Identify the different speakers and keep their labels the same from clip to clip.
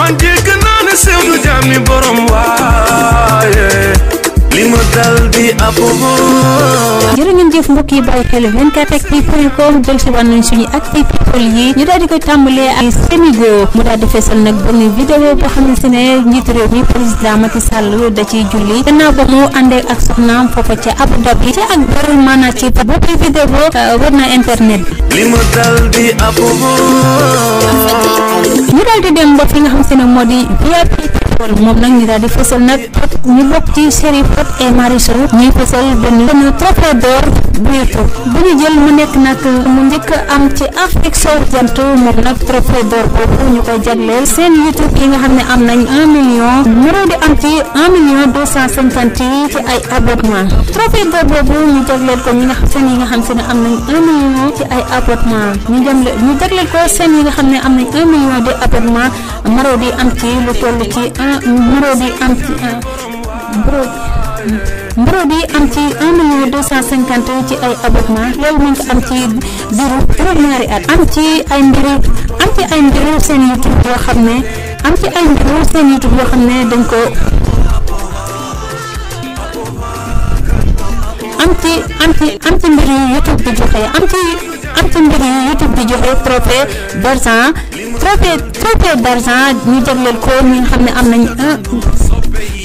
Speaker 1: man dégg naa ne sew du jaam ni borom waaye li ma dal di abobo jërë ngeen jëf mbokk yi bàyyi xel 24actu point com del si wànnañ suñu actu people yi ñu daal koy tàmbalee ak Sénégal mu daal di feesal nag benn vidéo boo xamante ne njiitu réew mi président Macky Sall julli gannaaw ba mu àndee ak soxnaam foofa ca Abu Dhabi ci ak barul maanaam ci boppi wër na internet bi li ma dal di abobo ba fi moo di VIP people moom nag ñu daal di fësal nag ñu bokk ci série et Marichou ñuy fësal benn benn bu YouTube bu jël mu nekk nag mu njëkk am ci Afrique sowu jant moom nag trophée d'or boobu ñu koy jagleel seen YouTube yi nga xam ne am nañ un million muroo di am ci ay abonnement ñu jagleel ko ñi yi nga xam se ne am nañ un million ci ay abonnement ñu jagleel ne am de abonnement Marodi am ci lu toll ci un Marodi am ci am ci cent cinquante ci ay abonnement loolu mu ngi am ci ay mbiru am ci ay mbiru seen YouTube yoo xam ne am ci ay mbiru seen dañ ko am ci am ci am ci mbir yu YouTube di joxe am ci am ci mbir yu YouTube di joxe trophée deux trop trop d' argent ñu jagleel ko ñi nga xam ne am nañ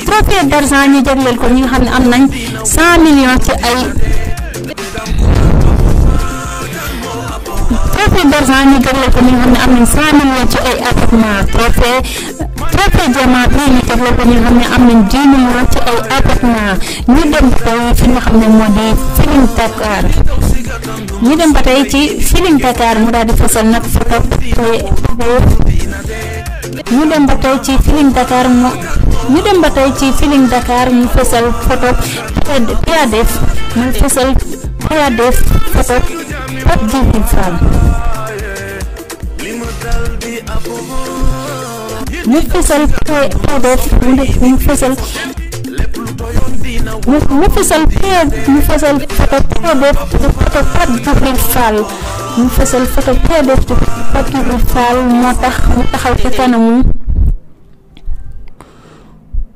Speaker 1: trop d' argent ñu jagleel ko ñi nga xam ne am nañ cent millions ci ay. trophée d'argent ñu jagleel ko ñi nga xam ne am nañ cent millions ci ay appartement trophée trophée diamant bi ñu jagleel ko ñi nga xam ne am nañ dix millions ci ay appartement ñu dem ko fi nga xam ne moo di Feeling Dakar ñu dem ba tey ci Feeling Dakar mu daal di fësal nag photo ñu dem ba tey ci Feeling Dakar mu ñu dem ba ci Feeling Dakar ñu fësal photo Piadef mu fësal Piadef photo Pape mu fësal paire mu fësal photo paire boobu tudd photo Pape Djibril Fall mu fësal photo paire boobu tudd Pape Djibril Fall moo tax mu taxaw ci kanamu.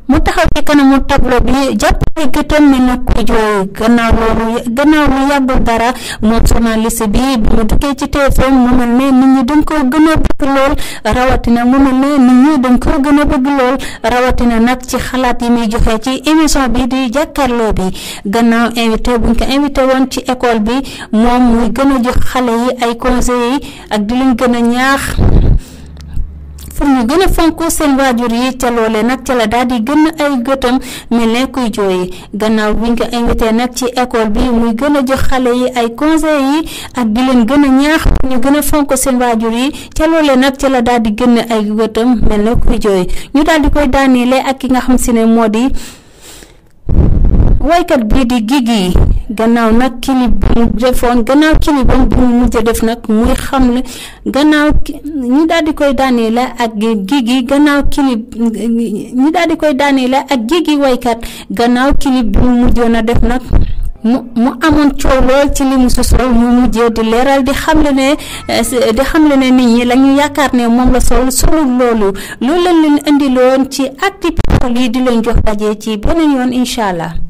Speaker 1: mu taxaw ci kanamu tableau bi jàpp ay gëtam mel na kuy jooy gannaaw loolu gannaaw lu yàggul dara moom journaliste bi bi mu duggee ci TFM mu mel ne nit ñi koo gën a bëgg lool rawatina mu mel ne gën a bëgg lool rawatina nag ci xalaat yi muy joxe ci émission bi di jàkkaarloo bi gannaaw invité buñ ko invité woon ci école bi moom muy gën a jox xale yi ay conseils yi ak di leen gën a ñaax pour ñu gën a fonk seen waajur yi ca nag ca la daal di gën ay gëtam mel ne kuy jooyi gannaaw bi nga invité nag ci école bi muy gën a jox xale yi ay conseils yi ak di leen gën a ñaax ñu gën a fonk seen waajur yi ca loole nag ca la daal di gën ay gëtam mel ne kuy jooyi ñu daal di koy daaneele ak ki nga xam si ne moo di waykat bii di Gigi gannaaw nag clip bi mu defoon gannaaw clip bu mu mujj def nag muy xam la gannaaw ñi daal di koy daanee la ak Gigi gannaaw clip ñi daal di koy daanee la ak Gigi waykat gannaaw clip bi mu mujjoon a def nag mu mu amoon coow lool ci li mu sosol mu mujjee di leeral di xamle ne eh, di xamle ne nit ñi la ñu yaakaar ne moom la sol solul loolu loolu lañ leen indiloon ci acti people yi di leen jox daje ci beneen yoon incha allah.